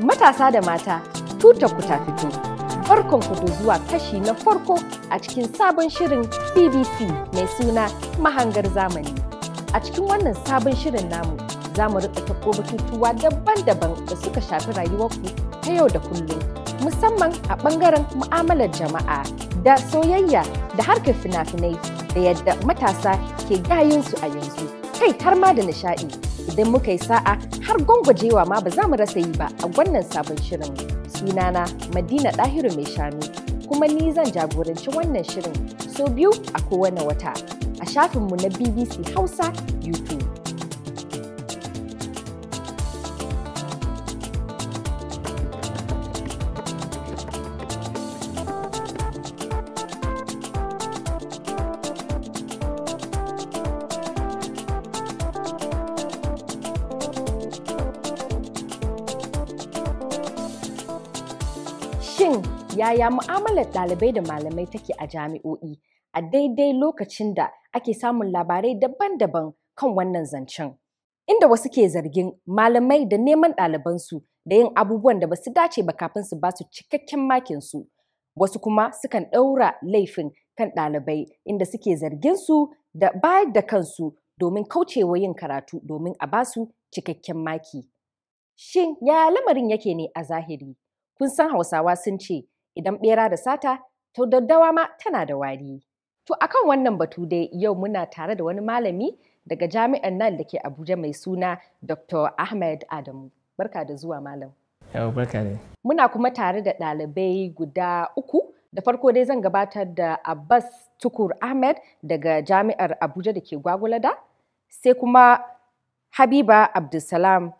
matasa da mata tuta ku ta fito farkon ku zuwa kashi na farko a cikin sabon shirin bbc mai suna mahangar zamani a cikin wannan sabon shirin namu za mu rika tako batutuwa daban-daban da suka shafi rayuwarku ta yau da kullum musamman a ɓangaren mu'amalar jama'a da soyayya da harkar fina-finai da yadda matasa ke gayinsu a yanzu kai har ma da nishaɗi idan muka yi sa'a har gwangwajewa ma ba za mu rasa yi ba a gwannan sabon shirin sunana madina ɗahiru mai shanu kuma ni zan jagoranci wannan shirin so biyu a kowane wata a shafinmu na bbc hausa youtube Shin yaya mu'amalar ɗalibai da malamai take a jami'o'i a daidai lokacin da ake samun labarai daban-daban kan wannan zancen? Inda wasu ke zargin malamai da neman ɗalibansu da yin abubuwan da basu dace ba kafin su basu cikakken makin su Wasu kuma sukan ɗaura laifin kan ɗalibai inda suke zargin su da bayar da kansu domin kaucewa yin karatu domin a basu cikakken maki. Shin yaya lamarin yake ne a zahiri? Kun san Hausawa sun ce, idan ɓera da sata, to daddawa ma tana da wari. To akan wannan batu dai yau muna tare da wani malami daga jami'an nan da ke Abuja mai suna Dr. Ahmed Adamu. Barka da zuwa malam. Yau barka ne. Muna kuma tare da ɗalibai guda uku. Da farko dai zan gabatar da Abbas Tukur Ahmed daga jami'ar Abuja da ke Gwagwalada, sai kuma Habiba Abdulsalam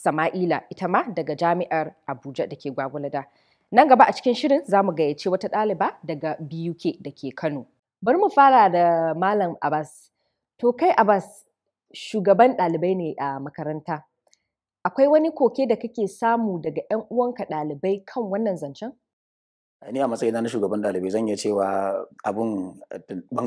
Sama'ila ita ma daga Jami'ar Abuja da ke Gwagwalada. Nan gaba a cikin shirin za mu gayyace wata ɗaliba daga BUK da ke Kano. Bari mu fara da Malam Abbas. To kai Abbas shugaban ɗalibai ne a makaranta. Akwai wani koke da kake samu daga 'yan uwanka ɗalibai kan wannan zancen? Ni a matsayina na shugaban ɗalibai zan iya cewa abun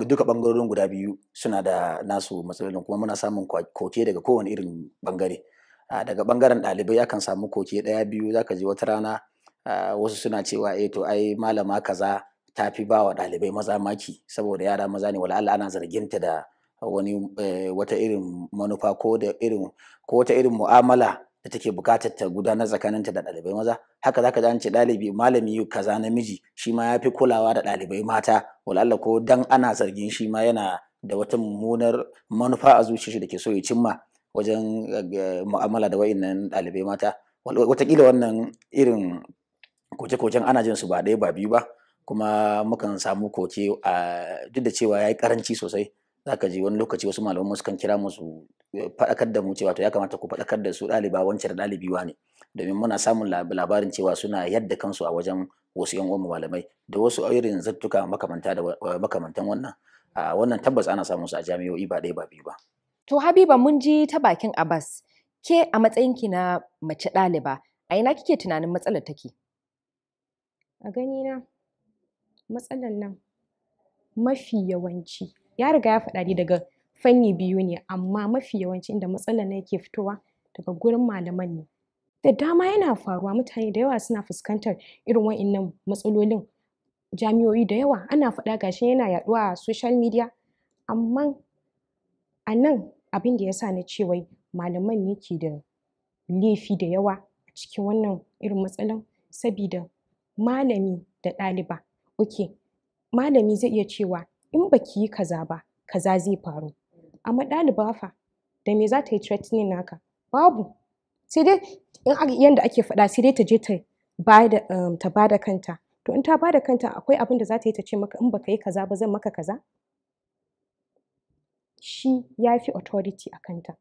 duka ɓangarorin guda biyu suna da nasu matsalolin kuma muna samun koke daga kowane irin ɓangare. Ah, daga bangaren ɗalibai akan samu koke ɗaya biyu zaka je wata rana ah, wasu suna cewa eh to ai malama kaza ta fi ba wa ɗalibai maza maki saboda yara maza ne wala Allah ana zargin ta da wani eh, wata irin manufa ko da irin ko wata irin mu'amala da take bukatar ta gudanar tsakaninta da ɗalibai maza haka zaka ji an ce ɗalibi malami kaza namiji shi ma ya fi kulawa da ɗalibai mata wala Allah ko dan ana zargin shi ma yana da wata mummunar manufa a zuciyarsa da ke so ya cimma wajen eh, mu'amala da wa'innan ɗalibai mata watakila wannan irin koke-koken ana jin su ba ɗaya ba biyu ba kuma mukan samu koke a duk da cewa ya yi karanci sosai za ka ji wani lokaci wasu malaman musu kan kira musu eh, faɗakar da mu cewa to ya kamata ku faɗakar da su ɗaliba wancan da wa ne domin muna samun labarin cewa suna yadda kansu a wajen wasu yan malamai da wasu irin zattuka makamanta da makamantan wannan wannan tabbas ana samun su a jami'o'i ba ɗaya ba biyu ba. To Habiba mun ji ta bakin Abbas, ke a matsayinki na mace ɗaliba, a ina kike tunanin matsalar take? A ganina, matsalar nan mafi yawanci, ya riga ya faɗa ni daga fanni biyu ne, amma mafi yawanci inda matsalar nan yake fitowa daga gurin malaman ne. Da dama yana faruwa mutane da yawa suna fuskantar irin wa'innan matsalolin jami'o'i da yawa ana faɗa gashi yana yaɗuwa a social media, amma A nan abin da ya sa na ce wai malaman ne ke da laifi da yawa a cikin wannan irin matsalan sabida malami da ɗaliba. Ok, malami zai iya cewa in ba ki yi kaza ba kaza zai faru. Amma ɗaliba fa da me za ta yi threatening naka? Babu. Sai dai in yanda ake faɗa sai dai ta je um, ta bada kanta. To in ta bada kanta akwai abin da za ta yi ta ce maka in baka yi kaza ba zan maka kaza? shi ya fi authority a kanta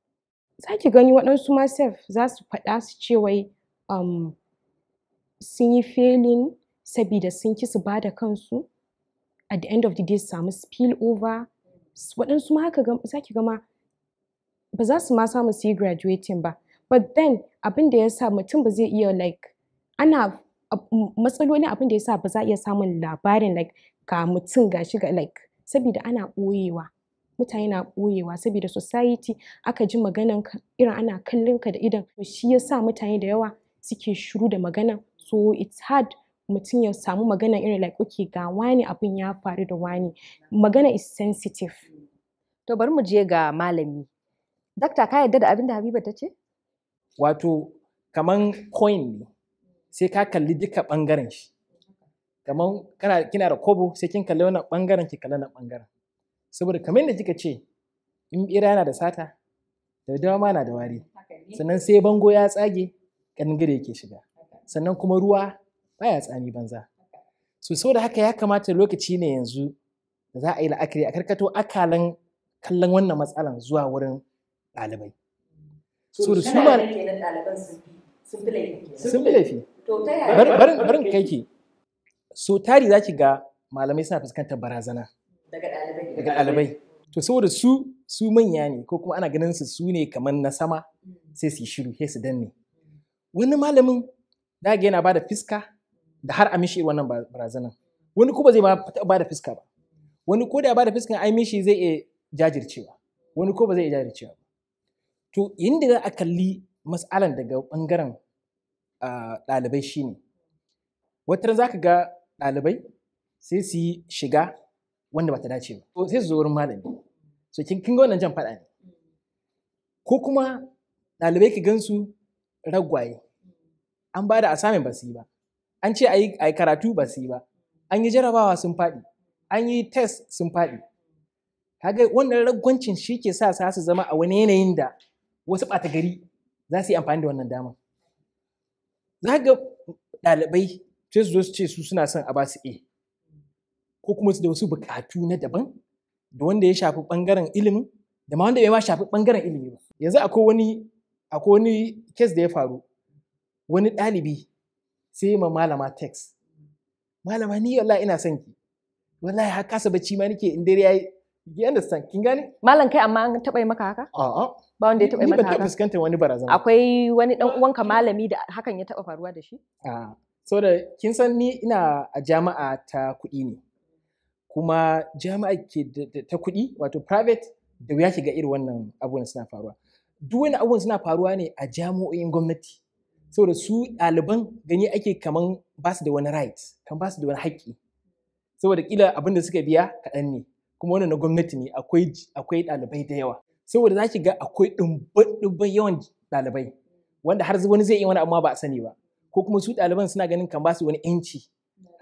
za ki gani waɗansu ma self za su faɗa su ce wai um, sun yi failing sabida sun ki su ba da kansu at the end of the day su samu spill over waɗansu ma haka za ki gama ba za su ma samu su yi graduating ba but then abin da ya sa mutum ba zai iya like ana matsaloli abin da ya sa ba za a iya samun labarin like ga mutum gashi ga like sabida ana ɓoyewa mutane na ɓoyewa saboda society aka ji maganan irin ana kallon ka da idan shi yasa mutane da yawa suke shiru da maganan so it's hard mutum ya samu magana irin like okay ga wani abin ya faru da wani magana is sensitive to bari mu je ga malami dakta ka yarda da abin da habiba ta ce wato kaman coin ne sai ka kalli duka bangaren shi kaman kana kina da kobo sai kin kalli wannan bangaren ki kalli na bangaren saboda kamar da kika ce in bira yana da sata da dama na da wari sannan sai bango ya tsage ƙangare yake shiga sannan kuma ruwa baya tsami banza so saboda haka ya kamata lokaci ne yanzu da za a yi la'akari a karkato akalan kallon wannan matsalan zuwa wurin ɗalibai so da su ma sun fi laifi barin kai ke, so tari za ki ga malamai suna fuskantar barazana daga ɗalibai to saboda su su manya ne ko kuma ana ganin su su ne kamar na sama sai su shiru sai su danne wani malamin daga yana bada fiska da har a mishi wannan barazanan wani kuma zai ba fiska ba wani ko da bada ba da fiskan ai mishi zai iya jajircewa wani ko ba zai iya jajircewa ba to inda za a kalli mas'alan daga bangaren ɗalibai shine wata za ka ga ɗalibai sai su shiga wanda ba ta dace ba sai su zo wurin malami so kin kin ga wannan jan faɗa ne ko kuma ɗalibai ki gansu ragwaye an ba da asamin ba su yi ba an ce a yi karatu ba yi ba an yi jarabawa sun faɗi an yi test sun faɗi kaga wannan ragwancin shi ke sa su zama a wani yanayin da wasu ɓata gari za su yi amfani da wannan damar za ga ɗalibai sai su zo su ce su suna son a ba su A ko kuma su da wasu bukatu na daban da wanda ya shafi bangaren ilimin da ma wanda bai ma shafi bangaren ilimi ba yanzu akwai wani akwai wani kes da ya faru wani ɗalibi sai ma malama text malama ni wallahi ina son ki wallahi har kasa bacci ma nake in dare yayi you understand kin gane malam kai amma an taba yi maka haka a'a ba wanda ya taba yi maka haka ni ban fuskantar wani barazana akwai wani dan uwanka malami da hakan ya taba faruwa da shi a'a saboda kin san ni ina a jami'a ta kuɗi ne kuma jami'a ke ta kuɗi wato private da wuya ki ga irin wannan abubuwan suna faruwa duk wani abubuwan suna faruwa ne a jami'o'in gwamnati saboda su ɗaliban gani ake kaman ba su da wani right kan ba su da wani haƙƙi saboda kila abin da suka biya kaɗan ne kuma wannan na gwamnati ne akwai ɗalibai da yawa saboda za ki ga akwai ɗumbe yawan ɗalibai wanda har wani zai yi wani amma ba a sani ba ko kuma su ɗaliban suna ganin kan ba su wani 'yanci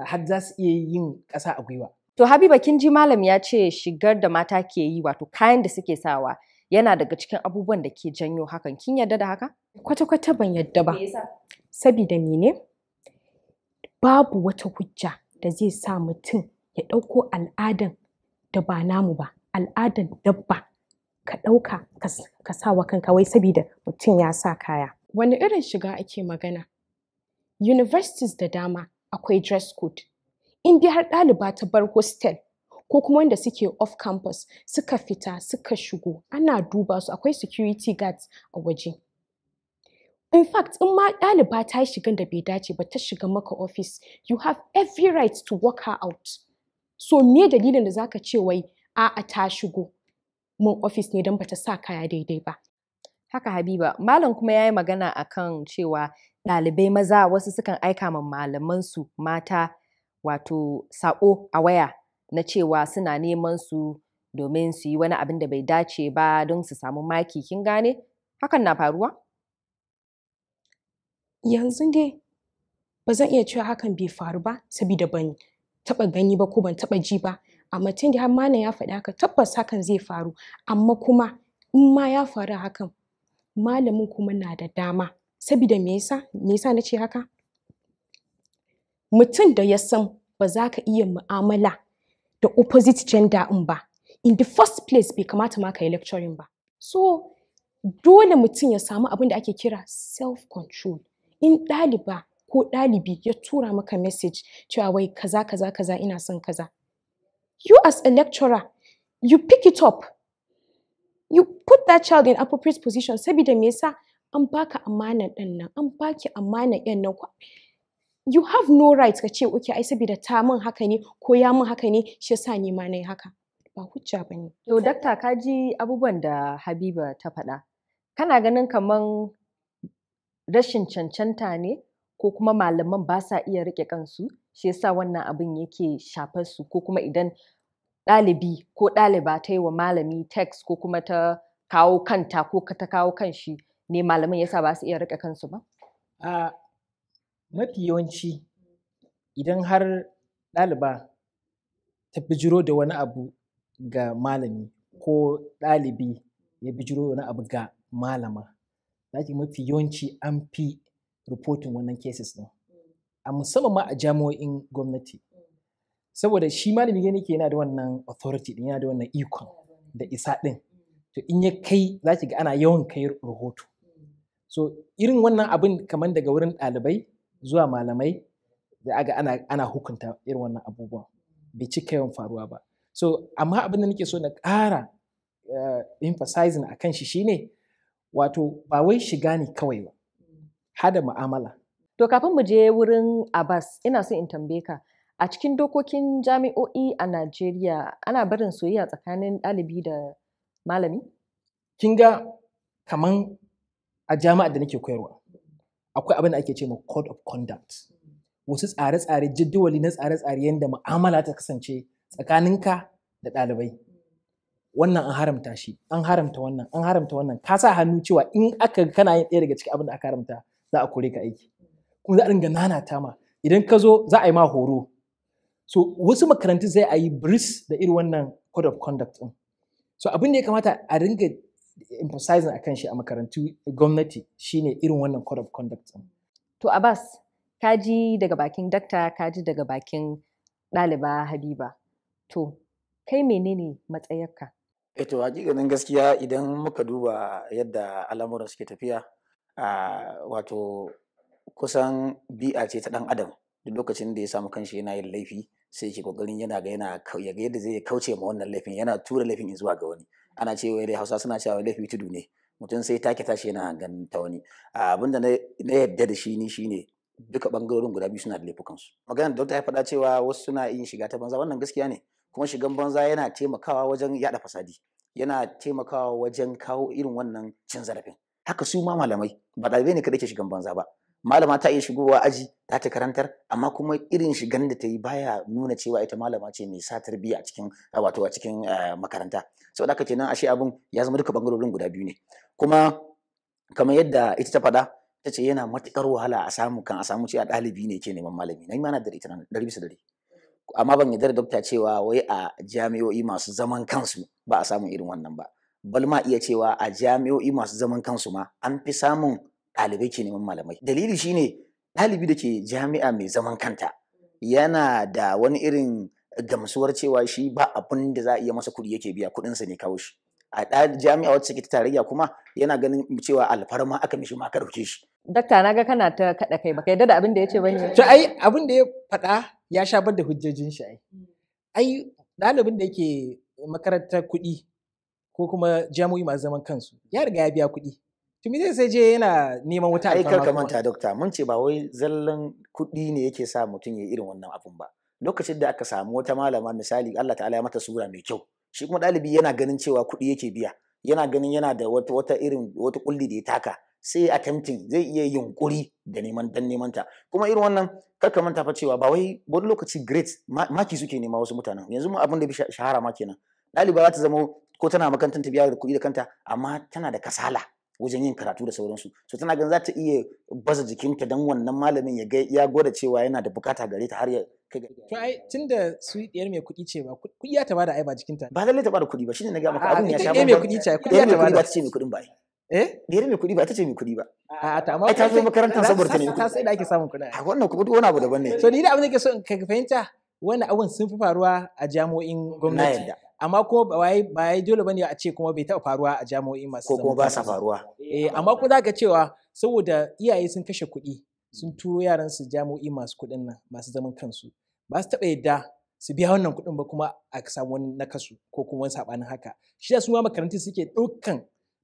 har za su iya yin ƙasa a gwiwa To Habiba kin ji malam ya ce shigar da mata ke yi wato kayan da suke sawa yana daga cikin abubuwan da ke janyo hakan kin yarda da haka? Kwata-kwata ban yarda ba. Sabida mene? Babu wata hujja da zai sa mutum ya ɗauko al'adan da ba namu ba, al'adan dabba ka ɗauka ka sa wa kanka wai sabida mutum ya sa kaya. Wani irin shiga ake magana? Universities da dama akwai dress code. in dai har ɗaliba ta bar hostel ko kuma wanda suke off campus suka fita suka shigo ana duba su akwai security guards a waje in fact in ma ɗaliba ta yi shigan da bai dace ba ta shiga maka office you have every right to walk her out so me dalilin da zaka ce wai a'a ta shigo mun office ne don bata sa kaya daidai ba haka habiba malam kuma ya yi magana akan cewa ɗalibai maza wasu sukan aika ma malamansu mata wato saƙo a waya na cewa suna neman su domin su yi wani abin da bai dace ba don su samu maki kin gane hakan na faruwa yanzu dai ba zan iya cewa hakan bai faru ba saboda ban taba gani ba ko ban taba ji ba amma tun da har malam ya faɗi haka tabbas hakan zai faru amma kuma in ma ya faru hakan malamin kuma na da dama saboda me yasa me yasa nace haka mutum da ya san ba za ka iya mu'amala da opposite gender in ba in the first place bai kamata ma ka yi lecturing ba so dole mutum ya samu abin da ake kira self control in ɗaliba ko ɗalibi ya tura maka message cewa wai kaza kaza kaza ina son kaza you as a lecturer you pick it up you put that child in appropriate position sabida me yasa an baka amana ɗan nan an baki amanan yan nan you have no right ka ce okay ai saboda ta min haka ne ko ya min haka ne shi yasa ni ma nayi haka ba hujja bane to dakta ka ji abubuwan da Habiba ta faɗa kana ganin kaman rashin cancanta ne ko kuma malaman ba sa iya rike kansu shi yasa wannan abin yake shafar su ko kuma idan ɗalibi ko ɗaliba ta yi wa malami text ko kuma ta kawo kanta ko ta kawo kanshi ne malamin yasa ba su iya rike kansu ba? Ah, mafi yawanci idan har ɗaliba ta bijiro da wani abu ga malami ko ɗalibi ya bijiro wani abu ga malama zaki mafi yawanci an fi rufotin wannan cases ɗin a musamman ma a jami'o'in gwamnati saboda shi malami gani ke yana da wannan authority yana da wannan ikon da isa ɗin to in ya kai zaki ga ana yawan kai rahoto so irin wannan abin kamar daga wurin ɗalibai zuwa malamai da aga ana, ana hukunta irin wannan abubuwa bai cika yawan faruwa ba so amma abin da nake so na ƙara uh, emphasizing a kan shi shine wato ba wai shiga ne kawai ba hada mu'amala to kafin mu je wurin abbas ina so in tambaye ka a cikin dokokin jami'o'i a najeriya ana barin soyayya tsakanin ɗalibi da malami kin ga kaman a jami'ar da nake koyarwa akwai abin da ake ce ma code of conduct wasu tsare-tsare jadawali na tsare-tsare yadda mu'amala ta kasance tsakaninka da ɗalibai wannan an haramta shi an haramta wannan an haramta wannan ka sa hannu cewa in aka kana yin ɗaya daga cikin abin da aka haramta za a kore ka aiki kuma za a dinga nanata ma idan ka zo za a yi ma horo so wasu makarantu sai a yi bris da irin wannan code of conduct din so abin da ya kamata a dinga emphasizing akan shi a makarantu gwamnati shine irin wannan code of conduct to Abbas ka daga bakin dakta kaji daga bakin ɗaliba Habiba to kai menene matsayarka eto eh hakikanin gaskiya idan muka duba yadda al'amuran suke tafiya ah, wato kusan bi'a ce ta ɗan adam duk lokacin da ya samu kanshi yana yin laifi sai yake kokarin yana ga yana ya ga yadda zai kauce ma wannan laifin yana tura laifin zuwa ga wani ana cewa dai Hausa suna cewa laifi tudu ne mutum sai take tashi yana ganin ta wani abinda na yadda da shi ni shine duka bangarorin guda biyu suna da laifukansu maganar da ya faɗa cewa wasu suna yin shiga ta banza wannan gaskiya ne kuma shigan banza yana taimakawa wajen yada fasadi yana taimakawa wajen kawo irin wannan cin zarafin haka su ma malamai ba ɗalibai ne kaɗai ke shigan banza ba malama ta iya shigowa aji ta ta karantar amma kuma irin shigan da ta yi baya nuna cewa ita malama ce mai sa tarbiyya a cikin wato a cikin makaranta saboda haka kenan ashe abun ya zama duka bangarorin guda biyu ne kuma kamar yadda ita ta faɗa ta ce yana matuƙar wahala a samu kan a samu cewa ɗalibi ne ke neman malami na imana da ita ɗari bisa ɗari amma ban yarda da dokta cewa wai a jami'o'i masu zaman kansu ba a samun irin wannan ba balma iya cewa a jami'o'i masu zaman kansu ma an fi samun ɗalibai ke neman malamai dalili shine ɗalibi da ke jami'a mai zaman kanta yana da wani irin gamsuwar cewa shi ba abin da za a iya masa kuɗi yake biya kuɗinsa ne kawo shi a jami'a wacce take tarayya kuma yana ganin cewa alfarma aka mishi ma ka shi dakta na ga kana ta kaɗa kai baka yadda da abin da ya ce ba ne. to ai abin da ya faɗa ya sha da hujjojin shi ai ai ɗalibin da yake makarantar kuɗi ko kuma jami'o'i masu zaman kansu ya riga ya biya kuɗi tumi zai sai je yana neman wuta ai kar ka manta dokta mun ce ba wai zallan kuɗi ne yake sa mutum ya irin wannan abun ba lokacin da aka samu wata malama misali Allah ta'ala ya mata sura mai kyau shi kuma ɗalibi yana ganin cewa kuɗi yake biya yana ganin yana da wata wata irin wata kulli da ya taka sai a attempting zai iya yunkuri da neman dan neman ta kuma irin wannan kar ka manta fa cewa ba wai wani lokaci great maki suke nema wasu mutanen yanzu mu abin da bi shahara ma kenan ɗaliba za ta zama ko tana makarantar ta biya da kuɗi da kanta amma tana da kasala wajen yin karatu da sauransu so tana ganin za ta iya baza jikinta don wannan malamin ya ya gwada cewa yana da bukata gare ta har ya kai to ai da su yar mai kuɗi ce ba kuɗi ya ta bada ai ba jikinta ba lalle ta bada kuɗi ba shine na ga maka abun ya sha ba mai kuɗi ce kuɗi ya taba da ba ta ce mai kuɗin ba eh yar mai kuɗi ba ta ce mai kuɗi ba a ta amma ta zo makarantar saboda ta ne ta sai da ake samun kuɗi a wannan kuma duk wani abu daban ne so ni da abin da ke so ka fahimta wannan abun sun fi faruwa a jami'o'in gwamnati amma ko ba ya dole bane a ce kuma bai taɓa faruwa a jami'o'i masu ko kuma ba sa faruwa eh amma ko zaka cewa saboda iyaye sun kashe kuɗi sun turo yaran su jami'o'i masu kuɗin nan masu zaman kansu ba su taɓa yadda su biya wannan kuɗin ba kuma a samu wani nakasu ko kuma wani sabanin haka shi su ma makarantu suke ɗaukan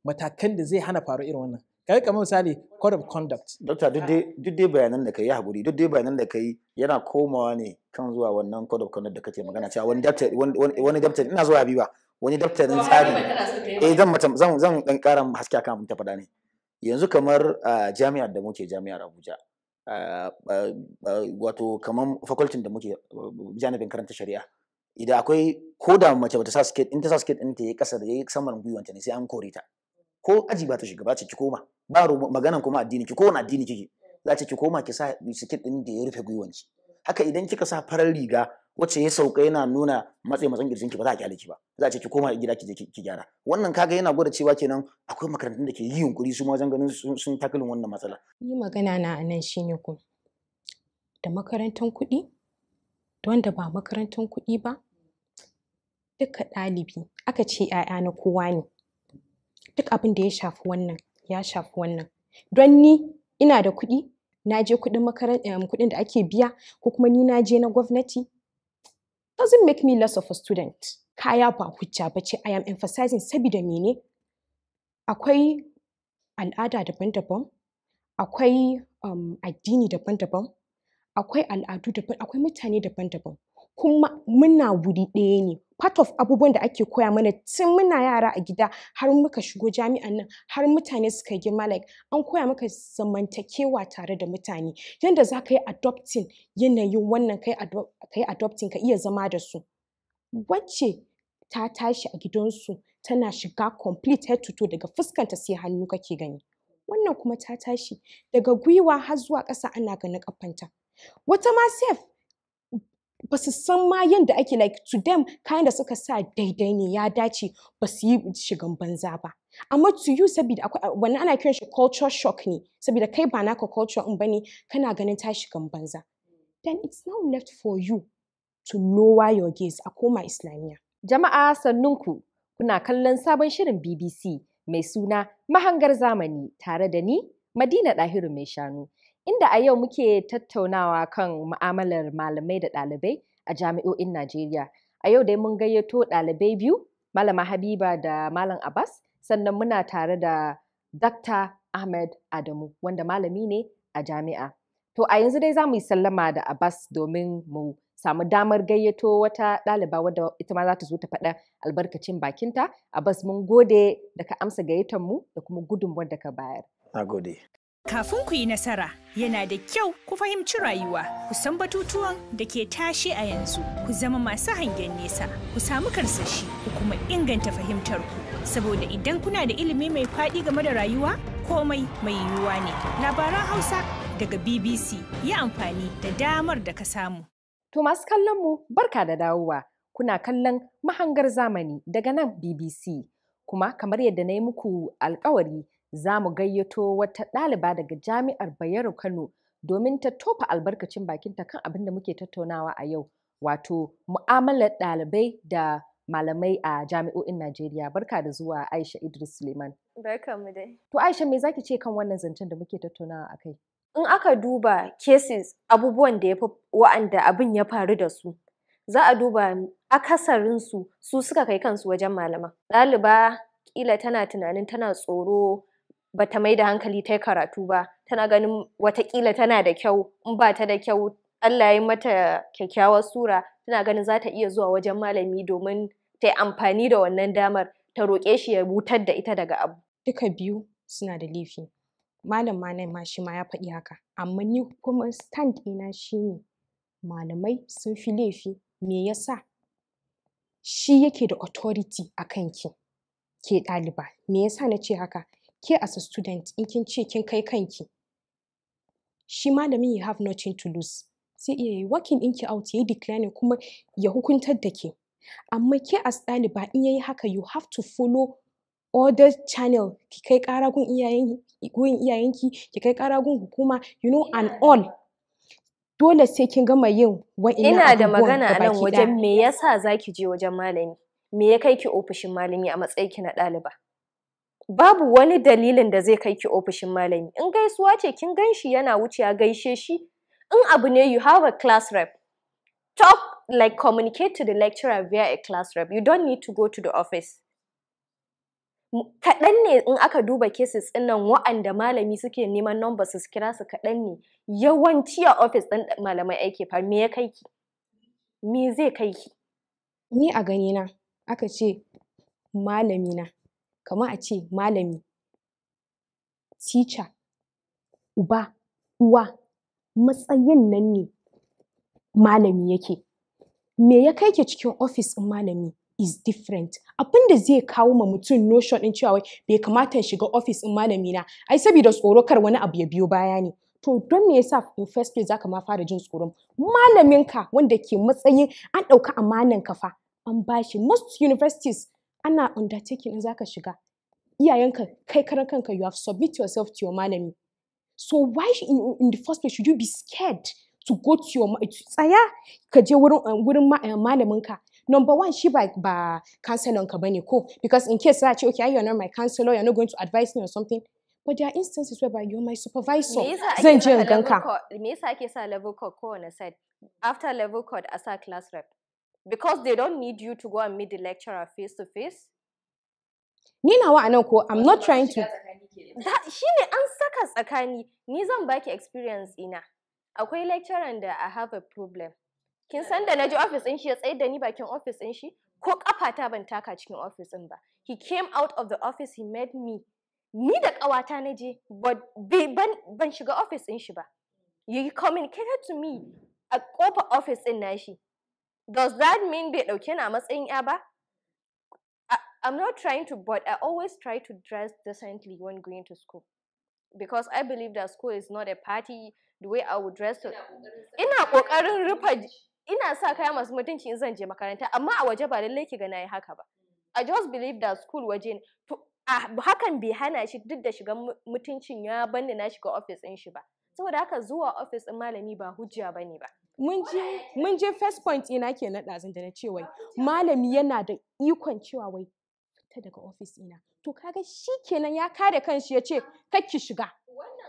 matakan da zai hana faru irin wannan kai kamar misali code of conduct doctor duk dai bayanan da kai ya haƙuri duk dai bayanan da kai yana komawa ne kan zuwa wannan code of conduct da kake magana cewa wani daftar wani daftar ina zuwa biba wani daftarin tsari eh zan mata zan zan dan ƙara haske akan abin ta faɗa ne yanzu kamar jami'ar da muke jami'ar Abuja wato kamar faculty da muke janibin karanta shari'a idan akwai ko da mace bata sa skate in ta sa skate din ta yi kasa da yayi saman gwiwanta ne sai an kore ta ko aji ba ta shiga ba ce ki koma ba maganan kuma addini ki kowane addini kike za ce ki koma ki sa biskit din da ya rufe ki haka idan kika sa farar riga wacce ya sauka yana nuna matsayin matsayin girjin ki ba za a kyale ki ba za a ce ki koma gida ki ki gyara wannan kaga yana gwada cewa kenan akwai makarantun da ke yi yunkuri su ma wajen ganin sun takalin wannan matsala ni magana na anan shine ku da makarantar kuɗi da wanda ba makarantar kuɗi ba duka ɗalibi aka ce 'ya'ya na kowa ne duk abin da ya shafi wannan ya shafi wannan don ni ina da kuɗi na je kuɗin kuɗin da ake biya ko kuma ni na je na gwamnati doesn't make me less of a student kaya ba hujja ba ce i am emphasizing saboda mene akwai al'ada daban-daban akwai um, addini daban-daban akwai al'adu daban akwai mutane daban-daban kuma muna wuri ɗaya ne part of abubuwan da ake koya mana tun muna yara a gida har muka shigo jami'an nan har mutane suka girma like an koya maka zamantakewa tare da mutane yadda za ka yi adopting yanayin wannan ka yi adopting ka iya zama da su wacce ta tashi a gidansu tana shiga complete head to toe daga fuskanta sai hannu kake gani wannan kuma ta tashi daga gwiwa har zuwa ƙasa ana ganin kafanta wata ma safe ba su san ma yadda ake like to them kayan da suka sa daidai ne ya dace ba su yi shigan banza ba amma to you saboda wannan ana kiran shi culture shock ne saboda kai ba naka culture in bane kana ganin ta shigan banza then it's now left for you to lower your gaze a koma islamiyya jama'a sannunku kuna kallon sabon shirin BBC mai suna mahangar zamani tare da ni Madina Dahiru mai shanu inda a yau muke tattaunawa kan mu'amalar malamai da ɗalibai a jami'o'in Najeriya. A yau dai mun gayyato ɗalibai biyu, Malama Habiba da Malam Abbas, sannan muna tare da Dr. Ahmed Adamu, wanda malami ne a jami'a. To a yanzu dai za mu yi sallama da Abbas domin mu samu damar gayyato wata ɗaliba wadda ita ma za ta zo ta faɗa albarkacin bakinta. Abbas mun gode da ka amsa gayyatar mu da kuma gudunmuwar da ka bayar. Na gode. Kafin ku yi nasara, yana da kyau ku fahimci rayuwa, ku san batutuwan da ke tashi a yanzu, ku zama masu hangen nesa, ku samu karsashi, ku kuma inganta fahimtar ku. Saboda idan kuna da ilimi mai faɗi game da rayuwa, komai mai yiwuwa ne. Labaran Hausa daga BBC yi amfani da damar da ka samu. To masu kallon mu barka da dawowa. Kuna kallon mahangar zamani daga nan BBC. Kuma kamar yadda na yi muku alkawari za mu gayyato wata ɗaliba daga jami'ar Bayero Kano domin ta tofa albarkacin bakinta kan abin da muke tattaunawa a yau wato mu'amalar ɗalibai da malamai a jami'o'in Najeriya barka da zuwa Aisha Idris Suleiman. To Aisha me zaki ce kan wannan zancen da muke tattaunawa a kai? In aka duba cases abubuwan da ya wa'anda abin ya faru da su za a duba akasarinsu su suka kai kansu wajen malaman. Ɗaliba kila tana tunanin tana tsoro bata mai da hankali ta yi karatu ba tana ganin watakila tana da kyau in ba ta da kyau Allah ya mata kyakkyawar sura tana ganin za ta iya zuwa wajen malami domin ta yi amfani da wannan damar ta roƙe shi ya wutar da ita daga abu. Duka biyu suna da laifi. Malam ma nan ma shi ma ya faɗi haka. Amma ni kuma stand ɗina shi malamai sun fi laifi me yasa shi yake da authority a kanki ke ɗaliba. Me yasa na ce haka? ke as a student in kin ce kin kai kanki shi malamin you have nothing to lose sai iya yi working ɗinki out ya yi declining kuma ya hukuntar da ke amma ke as ɗaliba in ya yi haka you have to follow other channel ki kai ƙara gun iyayenki ki kai ƙara gun hukuma you know and all dole sai kin gama yin wa'ina ina da magana a nan wajen me yasa zaki je wajen malami me ya kai ki ofishin malami a matsayin ki na ɗaliba babu wani dalilin da zai kai ki ofishin malami in gaisuwa ce kin ganshi yana wuce wucewa gaishe shi in abu ne you have a class rep talk like communicate to the lecturer via a class rep you don't need to go to the office kaɗan ne in aka duba cases ɗin nan wa'anda malami suke neman number su kira su kaɗan ne yawanci a office ɗin malamai aiki fa me ya kai ki me zai kai ki ni a ganina aka ce malamina kamar a ce malami teacher uba uwa matsayin nan ne malami yake me ya kai ke cikin ofis ɗin malami is different abin da zai kawo ma mutum notion ɗin cewa bai kamata shiga ofis ɗin malami na ai saboda tsoro kar wani abu ya biyo baya ne to don me yasa in first place zaka ma fara jin tsoron ka wanda ke matsayin an ɗauka amanan ka fa an bashi most universities ana undertaking in zaka shiga iyayenka kai karan kanka you have submit yourself to your malami so why in, in the first place should you be scared to go to your tsaya ka je wurin um, wurin um, malamin ka number one shi ba ba counselor ka bane ko because in case za ce okay you're not my counselor you're not going to advise me or something but there are instances whereby you're my supervisor zan je ganka me yasa ake sa level code kowane side after level code a sa class rep because they don't need you to go and meet the lecturer face to face Nina wa anan ko i'm not trying to that ne an saka tsakani ni zan baki experience ina akwai lecturer da i have a problem kin san da naji office din shi ya tsaye da ni bakin office din shi ko kafata ban taka cikin office din ba he came out of the office he met me ni da ƙawata na je but ban shiga office ɗin shi ba you communicated to me a ƙofar office ɗin nashi does that mean bai ɗauke na a matsayin ya ba I'm not trying to, but I always try to dress decently when going to school. Because I believe that school is not a party, the way I would dress. Ina rufa, ina sa kaya masu mutunci in zan je makaranta, amma a waje ba lallai ki ga na yi haka ba. I just believe that school waje ne. Hakan bai hana shi duk da shiga mutuncin ya bani na shiga ofis ɗin shi ba. Saboda haka zuwa ofis ɗin malami ba hujja ba ne ba. mun je first point ina ke na ɗazin da na ce wai malami yana da ikon cewa wai fita daga ofis ina to kaga shi kenan ya kare kanshi ya ce ki shiga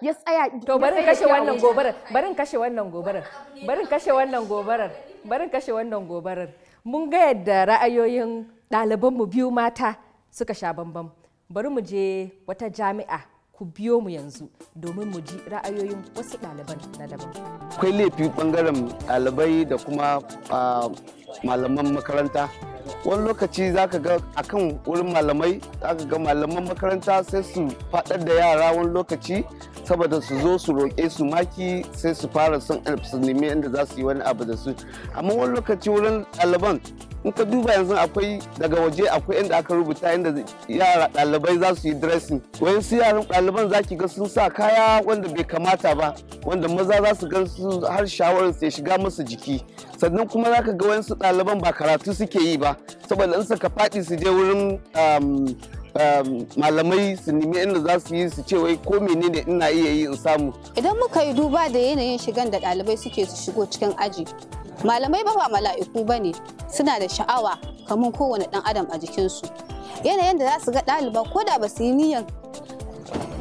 ya tsaya to barin kashe wannan gobarar barin kashe wannan gobarar barin kashe wannan gobarar barin kashe wannan gobarar mun ga yadda ra'ayoyin ɗaliban mu biyu mata suka sha bambam bari mu je wata jami'a ku biyo mu yanzu domin mu ji ra'ayoyin wasu ɗaliban na daban. Akwai laifin ɓangaren ɗalibai da kuma ah, malaman makaranta wani lokaci za ka ga akan wurin malamai za ka ga malaman makaranta sai su faɗar da yara wani lokaci saboda su zo su roƙe su maki sai su fara son su nemi inda za su yi wani abu da su amma wani lokaci wurin ɗaliban in ka duba yanzu akwai daga waje akwai inda aka rubuta inda yara ɗalibai za su yi dressing wayan su yaran ɗaliban za ki ga sun sa kaya wanda bai kamata ba wanda maza za su gan su har shawarar ya shiga musu jiki sannan kuma za ka ga wasu ɗaliban ba karatu suke yi ba saboda in suka faɗi su je wurin um, um, malamai su nemi inda za su yi su ce wai ko menene ina iya yi in samu idan muka yi duba da yanayin shigan da ɗalibai suke su shigo cikin aji malamai ba ba mala'iku ba ne suna da sha'awa kamar kowane ɗan adam a jikinsu yanayin da za su ga ɗaliba ko da ba su yi niyyar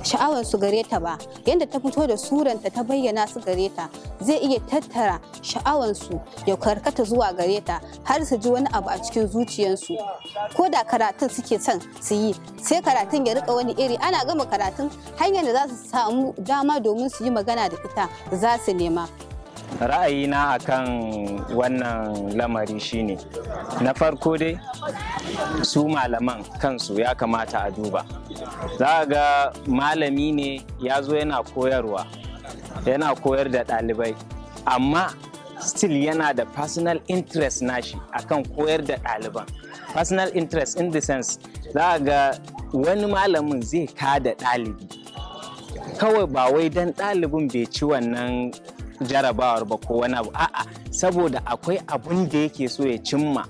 sha'awar su gare ta ba yadda ta fito da suranta ta bayyana su gare ta zai iya tattara sha'awar su ya karkata zuwa gare ta har su ji wani abu a cikin zuciyarsu ko da karatun suke son su yi sai karatun ya rika wani iri ana gama karatun hanyar da za su samu dama domin su yi magana da ita za su nema ra'ayina kan wannan lamari shine na farko dai su malaman kansu ya kamata a duba za ga malami ne ya zo yana koyarwa yana koyar da ɗalibai amma still yana da personal interest nashi akan koyar da ɗaliban personal interest in the sense za ga wani malamin zai kada ɗalibi kawai ba wai dan ɗalibin bai ci wannan jarabawar ba ko wani abu a'a saboda akwai abun da yake so ya cimma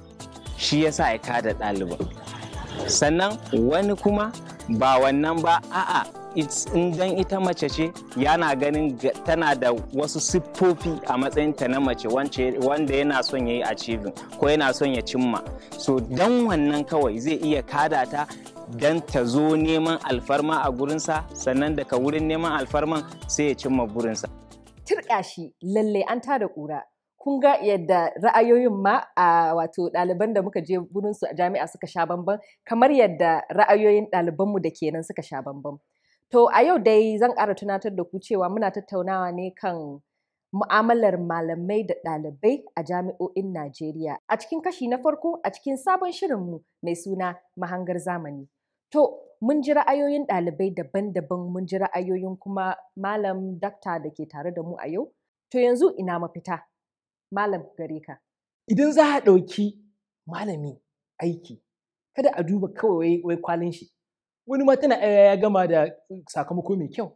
shi yasa ya kada ɗaliban sannan wani kuma ba wannan ba a'a in dan ita mace ce yana ganin tana da wasu siffofi a matsayin ta na mace wanda yana son ya yi achieving ko yana son ya cimma so dan wannan kawai zai iya kada ta dan ta zo neman alfarma a gurinsa sannan daga wurin neman alfarman sai ya cimma burinsa turƙa shi lalle an tada kura kun ga yadda ra'ayoyin ma a wato ɗaliban da muka je gurinsu a jami'a suka sha bamban kamar yadda ra'ayoyin ɗalibanmu da kenan suka sha bamban to a yau dai zan ƙara tunatar da ku cewa muna tattaunawa ne kan mu'amalar malamai da ɗalibai a jami'o'in Najeriya a cikin kashi na farko a cikin sabon shirinmu mai suna mahangar zamani to mun ji ra'ayoyin ɗalibai daban-daban mun ji ra'ayoyin kuma malam dakta da ke tare da mu a yau to yanzu ina mafita malam gare ka idan za a ɗauki malami aiki kada a duba kawai wai kwalin shi wani ma tana eh, ya gama da sakamako mai kyau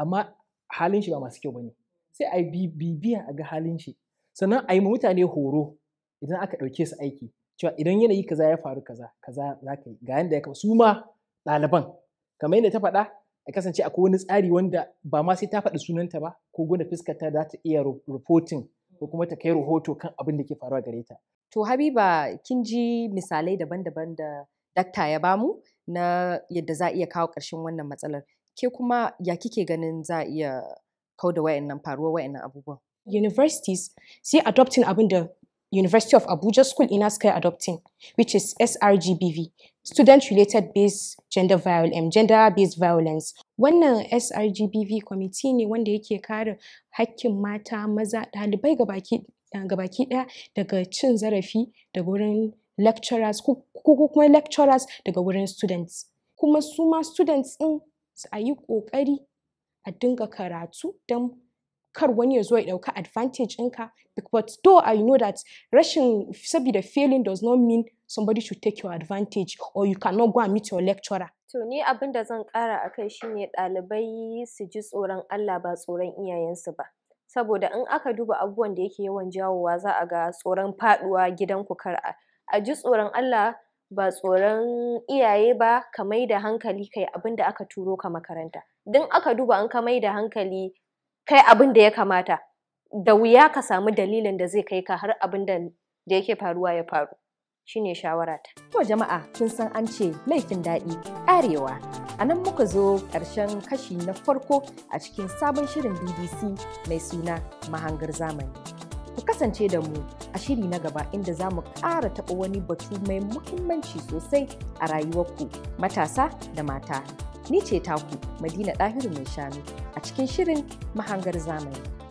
amma halin shi ba masu kyau bane sai a bibiya a ga halin shi sannan a yi ma mutane horo idan aka ɗauke su aiki cewa idan yanayi kaza ya faru kaza kaza za ka yi ga yanda ya kama su ma ɗaliban kamar yadda ta faɗa a kasance akwai wani tsari wanda ba ma sai ta faɗi sunanta ba ko gwada fuskarta za ta iya rufotin ko kuma ta kai rahoto kan abin da ke faruwa gare ta. To Habiba kin ji misalai daban-daban da dakta ya bamu na yadda za a iya kawo ƙarshen wannan matsalar. Ke kuma ya kike ganin za a iya kau da wayannan faruwa wayannan abubuwan? Universities sai adopting abin da University of Abuja School Inner Square Adopting, which is SRGBV, Student Related Based Gender um, Gender Based Violence. Wannan SRGBV kwamiti ne wanda yake kare hakkin mata, maza, ɗalibai gabaki eh, ɗaya daga cin zarafi daga wurin lecturers ko kuma lecturers daga wurin students. Kuma su ma students ɗin a yi ƙoƙari a dinga karatu don kar wani ya zo ya ɗauka advantage ɗinka but though I know that rashin saboda failing does not mean somebody should take your advantage or you cannot go and meet your lecturer. To ni abin da zan ƙara a kai shi ne ɗalibai su ji tsoron Allah ba tsoron iyayensu ba. Saboda in aka duba abubuwan da yake yawan jawowa za a ga tsoron faɗuwa gidan kukar a. A ji tsoron Allah ba tsoron iyaye ba ka mai da hankali kai abin da aka turo ka makaranta. Din aka duba in ka mai da hankali kai abin da ya kamata da wuya ka samu dalilin da zai kai ka har abin da yake faruwa ya faru shine ta To jama'a kin san an ce laifin daɗi ƙarewa. A nan muka zo ƙarshen kashi na farko a cikin sabon shirin BBC mai suna mahangar zamani. Ku kasance da mu a shiri na gaba inda za mu ƙara taɓa wani batu mai muhimmanci sosai a rayuwarku matasa da mata. ni ce taku Madina Ɗahiru mai shanu a cikin shirin mahangar zamani.